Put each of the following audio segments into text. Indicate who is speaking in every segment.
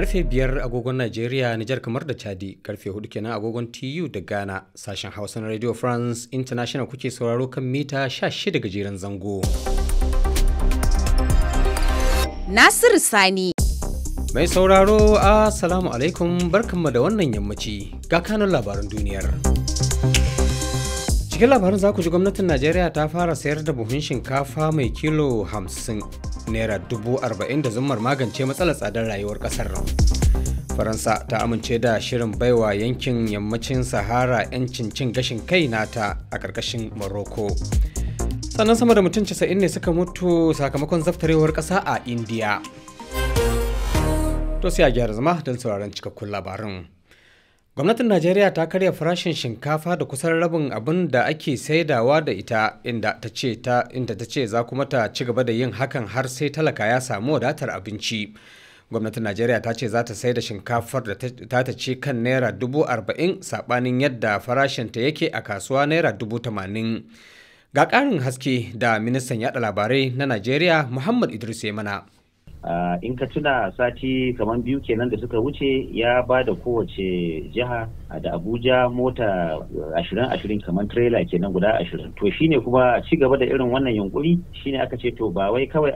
Speaker 1: Karfe biyar agogon Najeriya, Nijar kamar da Chadi, karfe hudu kenan agogon TU da Ghana, sashen Hausa na Radio France International kuke sauraro kan mita 16 gajeren zango.
Speaker 2: Nasiru Sani.
Speaker 1: Mai sauraro, Assalamu alaikum barkanmu da wannan yammaci ga kanun labaran duniyar. cikin labarin za ku ji gwamnatin najeriya ta fara sayar da buhun shinkafa mai kilo hamsin. naira dubu arba'in da zummar magance matsalar tsadar rayuwar kasar faransa ta amince da shirin baiwa yankin yammacin sahara 'yancin cin gashin kai nata a ƙarƙashin morocco sannan sama da mutum 90 ne suka mutu sakamakon zaftarewar ƙasa a indiya to sai a gyara zama don sauraron cikakkun labarin Gwamnatin Najeriya ta karya farashin shinkafa da kusan rabin abin da ake saidawa da ita inda ta ce za kuma ta ci gaba da yin hakan har sai talaka ya samu wadatar abinci. Gwamnatin Najeriya ta ce za ta sai da shinkafar da ta ta ce kan naira dubu arba'in saɓanin yadda farashin ta yake a kasuwa naira dubu tamanin. Ga ƙarin haske da ministan yaɗa labarai na Najeriya Muhammad Idris mana.
Speaker 3: in ka tuna sati kamar biyu kenan da suka wuce ya ba da kowace jiha da abuja mota ashirin ashirin kamar trailer kenan guda ashirin to shine kuma ci gaba da irin wannan yunkuri shine aka ce to ba wai kawai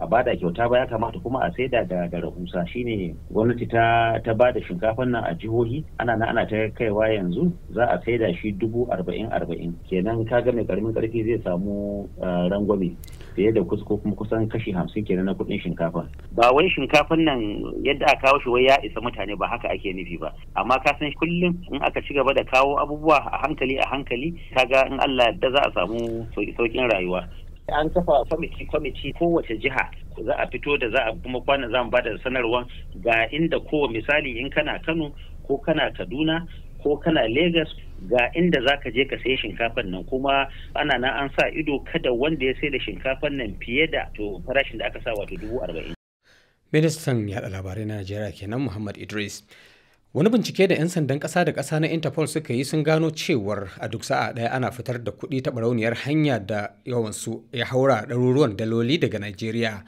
Speaker 3: a bada kyauta ba ya kamata kuma a saida da da rahusa shine gwamnati ta ta ba da shinkafan nan a jihohi ana na ana ta kaiwa yanzu za a saida shi dubu arba'in arba'in kenan ka ga mai karamin karfi zai samu eh, rangwame fiye da kusa ko kuma kusan kashi hamsin kenan na kuɗin shinkafa. Ba wai shinkafan nan yadda a kawo shi wai ya isa mutane ba haka ake nufi ba. Amma ka san kullum in aka ci gaba da kawo abubuwa a hankali a hankali kaga in Allah da za a samu sauƙin rayuwa. an kafa kwamiti kwamiti kowace jiha za a fito da za a kuma kwana za mu ba da sanarwa ga inda kowa misali in kana Kano ko kana Kaduna ko kana legas. ga inda za ka je ka sayi shinkafan nan kuma ana nan an sa ido kada wanda ya sai da shinkafan nan fiye da to farashin da aka sa wato dubu arba'in.
Speaker 1: ministan yaɗa labarai na najeriya kenan muhammad idris wani bincike da 'yan sandan ƙasa da ƙasa na interpol suka yi sun gano cewar a duk sa'a ɗaya ana fitar da kuɗi ta barauniyar hanya da yawansu ya haura ɗaruruwan daloli daga nigeria.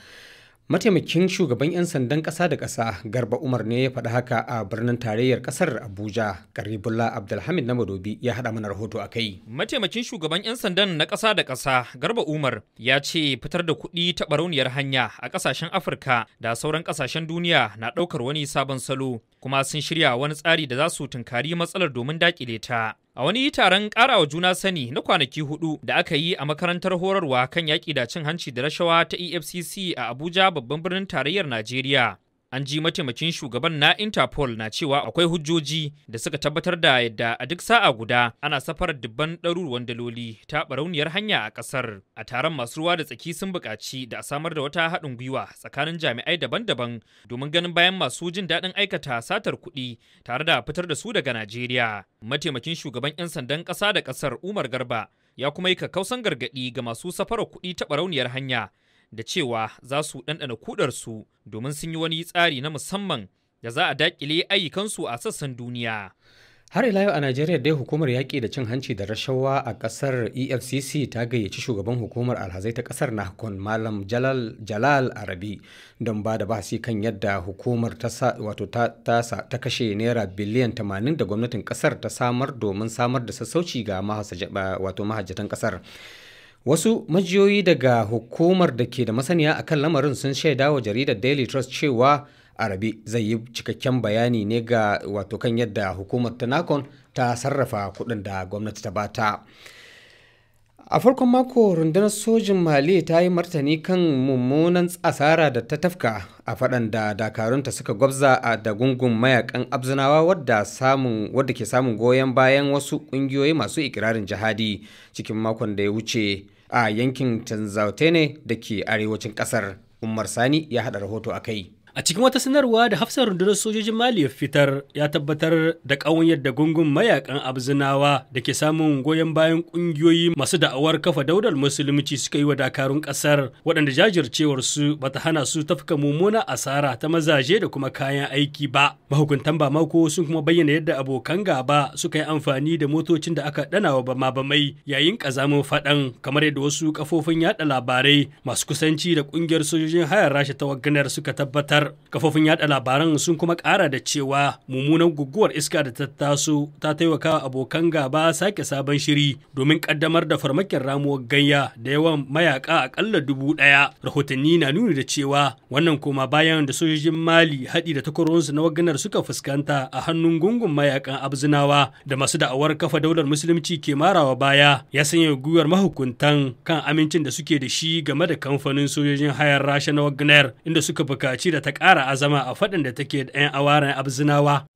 Speaker 1: Mataimakin shugaban 'yan sandan ƙasa da ƙasa Garba Umar ne ya faɗi haka a birnin tarayyar ƙasar Abuja. Garibullah Abdulhamid na Madobi ya haɗa mana rahoto a kai.
Speaker 4: Mataimakin shugaban 'yan sandan na ƙasa da ƙasa Garba Umar ya ce fitar da kuɗi ta barauniyar hanya a ƙasashen Afirka da sauran ƙasashen duniya na ɗaukar wani sabon salo kuma sun shirya wani tsari da za su tunkari matsalar domin dakile ta. A wani taron wa juna sani na kwanaki hudu da aka yi a makarantar horarwa kan yaƙi da cin hanci da rashawa ta EFCC a Abuja babban birnin tarayyar Najeriya. an ji mataimakin shugaban na interpol na cewa akwai hujjoji da suka tabbatar da yadda a duk sa'a guda ana safarar dubban ɗaruruwan daloli ta barauniyar hanya a ƙasar a taron masu ruwa da tsaki sun buƙaci da a samar da wata haɗin gwiwa tsakanin jami'ai daban-daban domin ganin bayan masu jin daɗin aikata satar kuɗi tare da fitar da su daga najeriya mataimakin shugaban 'yan sandan ƙasa da ƙasar umar garba ya kuma yi kakkausan gargaɗi ga masu safarar kuɗi ta barauniyar hanya da cewa za su ɗanɗana kudarsu domin sun yi wani tsari na musamman da za a daƙile ayyukansu a sassan duniya.
Speaker 1: har ila yau a najeriya dai hukumar yaƙi da cin hanci da rashawa a ƙasar efcc ta gayyaci shugaban hukumar alhazai ta ƙasar nahkon malam jalal, jalal arabi don ba da bahasi kan yadda hukumar ta, wato ta, ta kashe naira biliyan 80 da gwamnatin ƙasar ta samar domin samar da sassauci ga mahajjatan ƙasar Wasu majiyoyi daga hukumar da ke da masaniya a kan lamarin sun shaida wa jaridar Daily Trust cewa Arabi zai yi cikakken bayani ne ga wato kan yadda hukumar ta Nakon ta sarrafa kuɗin da gwamnati ta bata. A farkon mako rundunar sojin Mali ta yi martani kan mummunan tsasara da ta tafka a faɗan da dakarunta suka gwabza a da gungun mayakan abzinawa wadda wadda ke samun goyon bayan wasu ƙungiyoyi masu ikirarin jihadi cikin makon da ya wuce a yankin Tanzautene da ke arewacin ƙasar. Umar Sani ya haɗa rahoto a kai. A cikin wata sanarwa da hafsar rundunar sojojin Mali ya
Speaker 5: fitar ya tabbatar da ƙawon yadda gungun mayakan abzinawa da ke samun goyon bayan ƙungiyoyi masu da'awar kafa daular musulunci suka yi wa dakarun ƙasar waɗanda jajircewar su bata hana su tafka mummuna asara ta mazaje da kuma kayan aiki ba. Mahukuntan ba mako sun kuma bayyana yadda abokan gaba suka yi amfani da motocin da aka ɗana wa bama bamai yayin ƙazamin faɗan kamar yadda wasu kafofin yaɗa labarai masu kusanci da ƙungiyar sojojin hayar rasha ta wagganar suka tabbatar guguwar kafofin yada labaran sun kuma kara da cewa mummunan guguwar iska da ta taso ta taimaka abokan gaba sake sabon shiri domin kaddamar da farmakin ramuwar gayya da yawan mayaka akalla dubu daya rahotanni na nuni da cewa wannan koma bayan da sojojin mali haɗi da takwarorinsu na waganar suka fuskanta a hannun gungun mayakan abzinawa da masu da'awar kafa daular musulunci ke marawa baya ya sanya guguwar mahukuntan kan amincin da suke da shi game da kamfanin sojojin hayar rasha na waganar. inda suka bukaci da ta ƙara azama a faɗin da take da 'yan awaren abzinawa.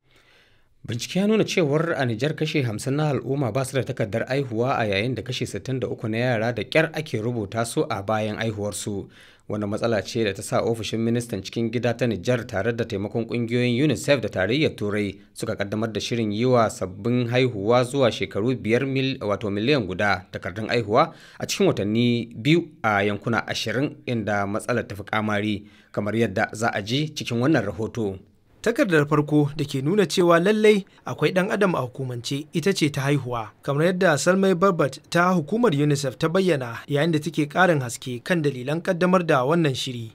Speaker 1: Bincike ya nuna cewar a Nijar kashe 50 na al'umma ba su da takardar aihuwa a yayin da kashe 63 na yara da ƙyar ake rubuta su a bayan aihuwarsu. wani matsala ce da ta sa ofishin ministan cikin gida ta Nijar tare da taimakon kungiyoyin UNICEF da tarayyar Turai suka kaddamar da shirin yi wa sabbin haihuwa zuwa shekaru biyar mil, wato miliyan guda takardun haihuwa a cikin watanni biyu a yankuna ashirin inda matsalar ta fi kamari kamar yadda za a ji cikin wannan rahoto. takardar farko da ke
Speaker 6: nuna cewa lallai akwai ɗan adam a hukumance ita ce ta haihuwa kamar yadda salmai barbat ta hukumar unicef ta bayyana yayin da take ƙarin haske kan dalilan ƙaddamar da wannan shiri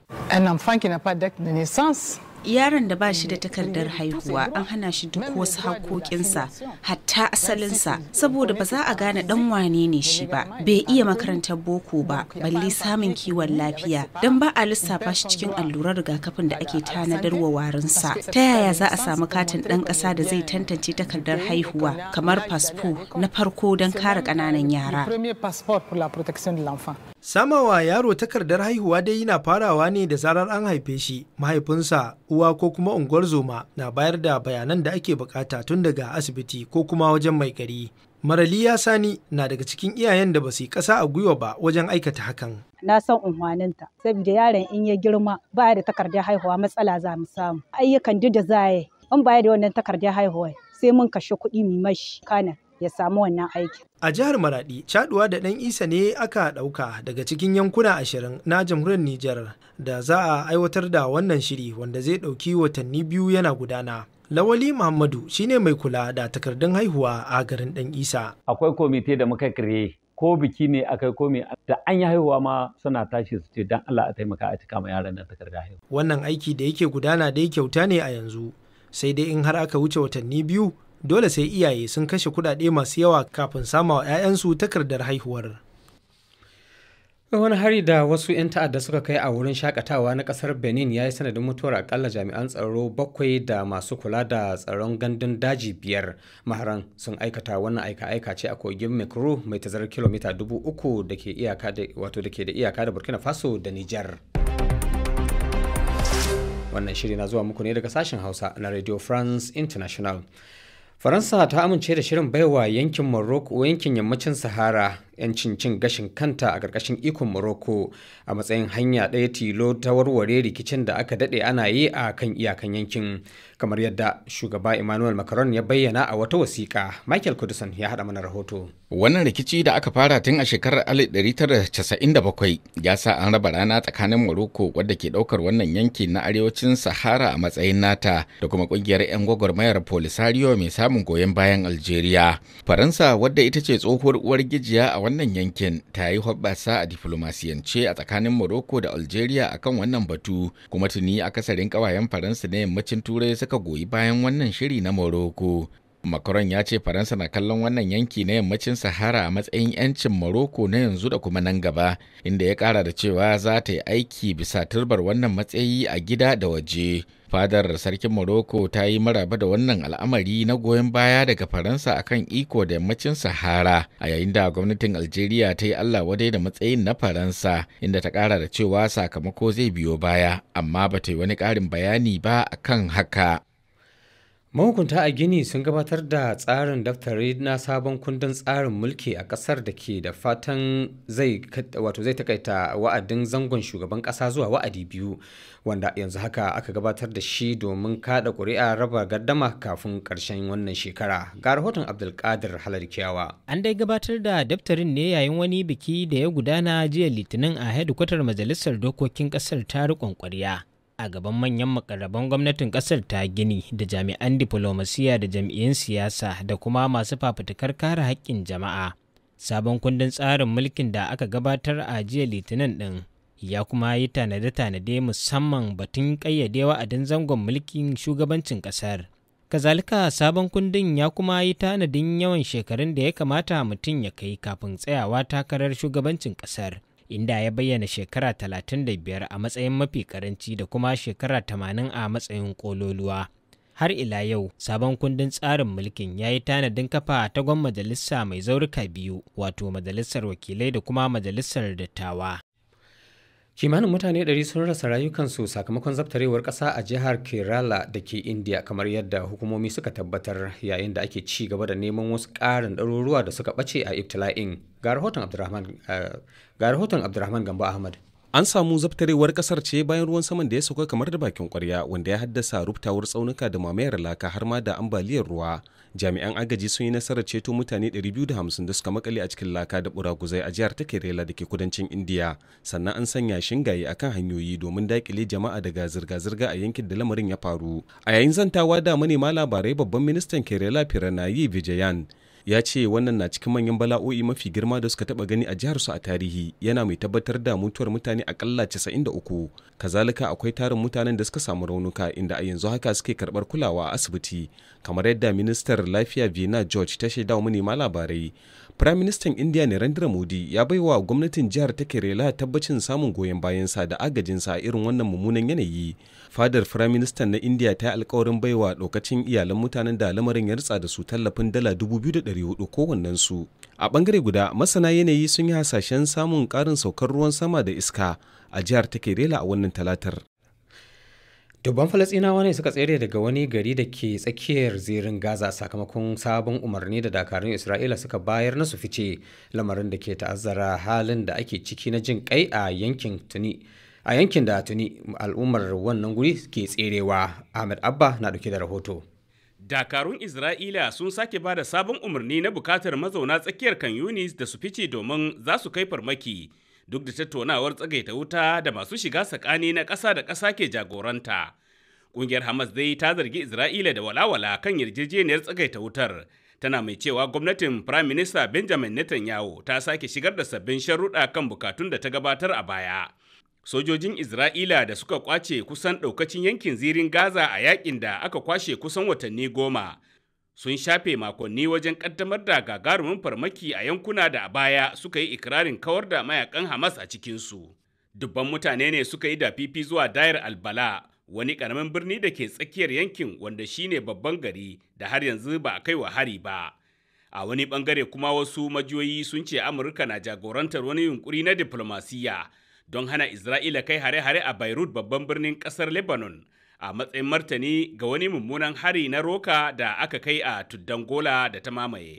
Speaker 2: yaron da ba shi da takardar haihuwa an hana shi duk wasu haƙoƙinsa hatta asalinsa saboda ba za a gane dan wane ne shi ba bai iya makarantar boko ba balli samun kiwon lafiya don ba a lissafa shi cikin allurar rigakafin da ake tanadar wa warinsa ta yaya za a samu katin ɗan ƙasa da zai tantance takardar haihuwa kamar fasfo na farko don kare ƙananan
Speaker 6: yara Samawa yaro takardar haihuwa dai yana farawa ne da zarar an haife shi, mahaifinsa, uwa ko kuma unguwar zoma na bayar da bayanan da ake bukata tun daga asibiti ko kuma wajen mai gari. ya Sani na daga cikin iyayen da ba su yi ƙasa a gwiwa ba wajen aikata hakan.
Speaker 2: na san unhwaninta saboda yaron in ya girma ba da takardar haihuwa matsala za mu samu ayyukan duk da za in ba da wannan takardar haihuwa sai mun kashe kuɗi mai mashi kana ya samu wannan aikin.
Speaker 6: A jihar Maradi, caduwa da ɗan isa ne aka ɗauka daga cikin yankuna ashirin na jamhuriyar Nijar da za a aiwatar da wannan shiri wanda zai ɗauki watanni biyu yana gudana. Lawali Muhammadu shine mai kula da takardun haihuwa a garin ɗan isa. Akwai komite da muka
Speaker 3: kire ko biki ne akai ko me da an yi haihuwa ma suna tashi su ce dan Allah a taimaka a cika ma yaran nan takardar haihuwa.
Speaker 6: Wannan aiki da yake gudana dai kyauta ne a yanzu sai dai in har aka wuce watanni biyu dole sai iyaye sun kashe kudade masu yawa kafin samawa 'ya'yansu takardar haihuwar.
Speaker 1: wani hari da wasu 'yan ta'adda suka kai a wurin shakatawa na kasar benin ya yi sanadin mutuwar akalla jami'an tsaro bakwai da masu kula da tsaron gandun daji biyar maharan sun aikata wannan aika-aika ce a kogin mekuru mai tazarar kilomita dubu uku da ke da iyaka da burkina faso da nijar wannan shiri na zuwa muku ne daga sashen hausa na radio france international Faransa ta amince da shirin baiwa yankin Morocco yankin yammacin Sahara 'yancin cin gashin kanta a ƙarƙashin ikon Morocco a matsayin hanya ɗaya tilo ta warware rikicin da aka daɗe ana yi a kan iyakan yankin. Kamar yadda shugaba Emmanuel Macron ya bayyana a wata wasiƙa, Michael Kudusan ya haɗa mana rahoto.
Speaker 7: Wannan rikici da aka fara tun a shekarar 1997 ya sa an raba rana tsakanin Morocco wadda ke ɗaukar wannan yanki na arewacin Sahara a matsayin nata da kuma ƙungiyar 'yan gwagwarmayar Polisario mai samun goyon bayan Algeria. Faransa wadda ita ce tsohuwar uwar gijiya a wannan yankin ta yi hoɓɓasa a diflomasiyance a tsakanin Morocco da Algeria akan wannan batu kuma tuni a akasarin ƙawayen Faransa na yammacin Turai suka goyi bayan wannan shiri na Morocco Macron ya ce Faransa na kallon wannan yanki na yammacin Sahara a matsayin 'yancin Morocco na yanzu da kuma nan gaba, inda ya kara da cewa za ta yi aiki bisa turbar wannan matsayi a gida da waje. Fadar Sarkin Morocco ta yi maraba da wannan al'amari na goyon baya daga Faransa akan iko da yammacin Sahara, a yayin da gwamnatin Algeria ta yi Allah wadai da matsayin na Faransa, inda ta kara da cewa sakamako zai
Speaker 1: biyo baya, amma ba ta yi wani ƙarin bayani ba akan haka. mahukunta a gini sun gabatar da tsarin daftari na sabon kundin tsarin mulki a kasar da ke da fatan zai zai takaita wa'adin zangon shugaban kasa zuwa wa'adi biyu wanda yanzu haka aka gabatar da shi domin kada kuri'a raba gardama kafin karshen wannan shekara ga rahoton abdulkadir kyawa an dai gabatar da daftarin ne yayin wani biki da ya gudana jiya litinin a hedikwatar majalisar dokokin kasar ta riƙon a gaban manyan makarraban gwamnatin kasar ta gini da jami'an diflomasiya da jam'iyyun siyasa da kuma masu fafutukar kare haƙƙin jama'a sabon kundin tsarin mulkin da aka gabatar a jiya litinin ɗin ya kuma yi tanade-tanade musamman batun ƙayyade wa'adin zangon mulkin shugabancin ƙasar kazalika sabon kundin ya kuma yi tanadin yawan shekarun da ya kamata mutum ya kai kafin tsayawa takarar shugabancin ƙasar inda ya bayyana shekara 35 a matsayin mafi karanci da kuma shekara 80 a matsayin kololuwa. Har ila yau, sabon kundin tsarin mulkin ya yi tanadin kafa ta gwan majalisa mai zaurika biyu, wato majalisar wakilai da kuma majalisar dattawa. kimanin mutane 100 sun rasa rayukansu sakamakon zabtarewar ƙasa a jihar kerala da ke india kamar yadda hukumomi suka tabbatar yayin da ake ci gaba da neman wasu ƙarin ɗaruruwa da suka ɓace a ibtila'in ga rahoton abdurrahman eh, gamba ahmad An samu zaftarewar kasar
Speaker 8: ce bayan ruwan saman da ya sauka kamar da bakin kwarya wanda ya haddasa ruftawar tsaunuka da mamayar laka har ma da ambaliyar ruwa. Jami'an agaji sun yi nasarar ceto mutane 250 da suka makale a cikin laka da buraguzai a jihar ta Kerala da ke kudancin Indiya. Sannan an sanya shingaye kan hanyoyi domin dakile jama'a daga zirga-zirga a yankin da lamarin ya faru. A yayin zantawa da manema labarai babban ministan Kerala Firanayi Vijayan ya ce wannan na cikin manyan bala'o'i mafi girma da suka taba gani a jihar su a tarihi yana mai tabbatar da mutuwar mutane akalla 93 kazalika akwai tarin mutanen da suka samu raunuka inda a yanzu haka suke karbar kulawa a asibiti kamar yadda ministar lafiya vina george ta shaidawa manema labarai Firaministan Indiya Narendra Modi ya baiwa gwamnatin jihar ta Kerala tabbacin samun goyon bayansa da agajinsa a irin wannan mummunan yanayi. Fadar Firaministan na india ta yi alkawarin baiwa ɗaukacin iyalan mutanen da lamarin ya da su tallafin dala 2,400 su A bangare guda, masana yanayi sun yi hasashen samun ƙarin saukar ruwan sama da iska a jihar ta Kerala a wannan talatar.
Speaker 1: Dubban Falasɗinawa ne suka tsere daga wani gari da ke tsakiyar zirin Gaza sakamakon sabon umarni da dakarun Isra'ila suka bayar na su fice lamarin da ke ta'azzara halin da ake ciki na jin kai a yankin tuni. A yankin da tuni al'ummar wannan guri ke tserewa Ahmed Abba na dauke da rahoto.
Speaker 7: Dakarun Isra'ila sun sake ba da sabon umarni na bukatar mazauna tsakiyar kan Yunis da su fice domin za su kai farmaki duk da tattaunawar tsagaita wuta da masu shiga sakani na ƙasa da ƙasa ke jagoranta. Ƙungiyar Hamas dai ta zargi Isra'ila da walawala kan yarjejeniyar tsagaita wutar. Tana mai cewa gwamnatin Prime Minister Benjamin Netanyahu ta sake shigar da sabbin sharuɗa kan bukatun da ta gabatar a baya. sojojin Isra'ila da suka kwace kusan ɗaukacin yankin zirin Gaza a yakin da aka kwashe kusan watanni goma sun shafe makonni wajen kaddamar da gagarumin farmaki a yankuna da a baya suka yi ikirarin kawar da mayakan Hamas a cikinsu. Dubban mutane ne suka yi da fifi zuwa dayar albala wani karamin birni da ke tsakiyar yankin wanda shine babban gari da har yanzu ba a kai wa hari ba. A wani bangare kuma wasu majiyoyi sun ce Amurka na jagorantar wani yunkuri na diplomasiyya don hana Isra'ila kai hare-hare a Beirut babban birnin kasar Lebanon a matsayin martani ga wani mummunan hari na roka da aka kai a tuddan gola da ta mamaye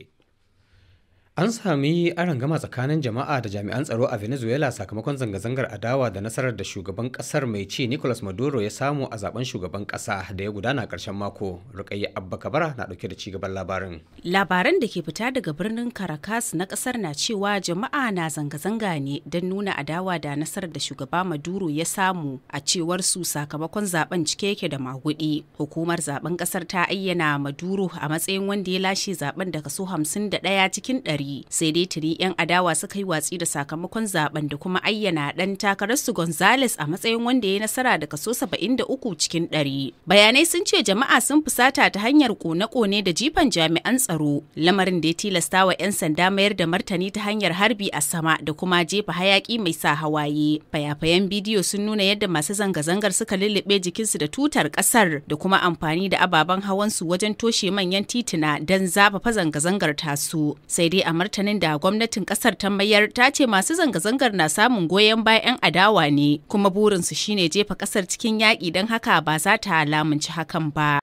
Speaker 1: An sami gama tsakanin jama'a da jami'an tsaro a Venezuela sakamakon zanga-zangar adawa da nasarar da shugaban kasar mai ci Nicolas Maduro ya samu a zaben shugaban kasa da ya gudana karshen mako. Rukayya Abba Kabara na ɗauke da cigaban labarin.
Speaker 2: Labaran da ke fita daga birnin Caracas na kasar na cewa jama'a na zanga-zanga ne don nuna adawa da nasarar da shugaba Maduro ya samu a cewar su sakamakon zaben cike yake da magudi. Hukumar zaben kasar ta ayyana Maduro a matsayin wanda ya lashe zaben da kaso 51 cikin ɗari. yi. Sai dai tuni 'yan adawa suka yi watsi da sakamakon zaben da kuma ayyana dan takararsu Gonzales a matsayin wanda ya nasara da kaso 73 cikin 100. Bayanai sun ce jama'a sun fusata ta hanyar kone-kone da jifan jami'an tsaro, lamarin da ya tilasta wa 'yan sanda mayar da martani ta hanyar harbi a sama da kuma jefa hayaki mai sa hawaye. Fayafayan bidiyo sun nuna yadda masu zanga-zangar suka lullube jikinsu da tutar kasar da kuma amfani da ababen hawansu wajen toshe manyan tituna don zafafa zanga-zangar tasu. Sai dai a martanin da gwamnatin kasar ta mayar ta ce masu zanga-zangar na samun goyon bayan adawa ne kuma burinsu shine jefa kasar cikin yaƙi don haka ba za ta lamunci hakan ba.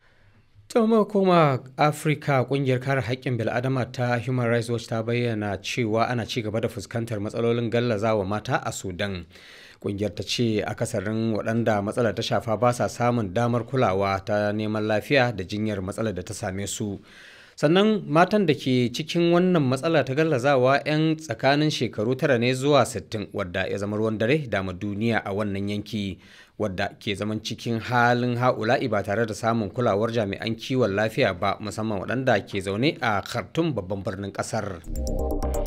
Speaker 1: tsohon koma Afirka kungiyar kare haƙƙin bil'adama ta Human Rights Watch ta bayyana cewa ana ci gaba da fuskantar matsalolin gallazawa mata a Sudan. Kungiyar ta ce akasarin waɗanda matsalar ta shafa ba sa samun damar kulawa ta neman lafiya da jinyar matsalar da ta same su. sannan matan da ke cikin wannan matsala ta gallazawa 'yan tsakanin shekaru tara ne zuwa 60 wadda ya zama ruwan dare dama duniya a wannan yanki wadda ke zaman cikin halin ha'ula'i ba tare da samun kulawar jami'an kiwon lafiya ba musamman waɗanda ke zaune a khartoum babban birnin ƙasar.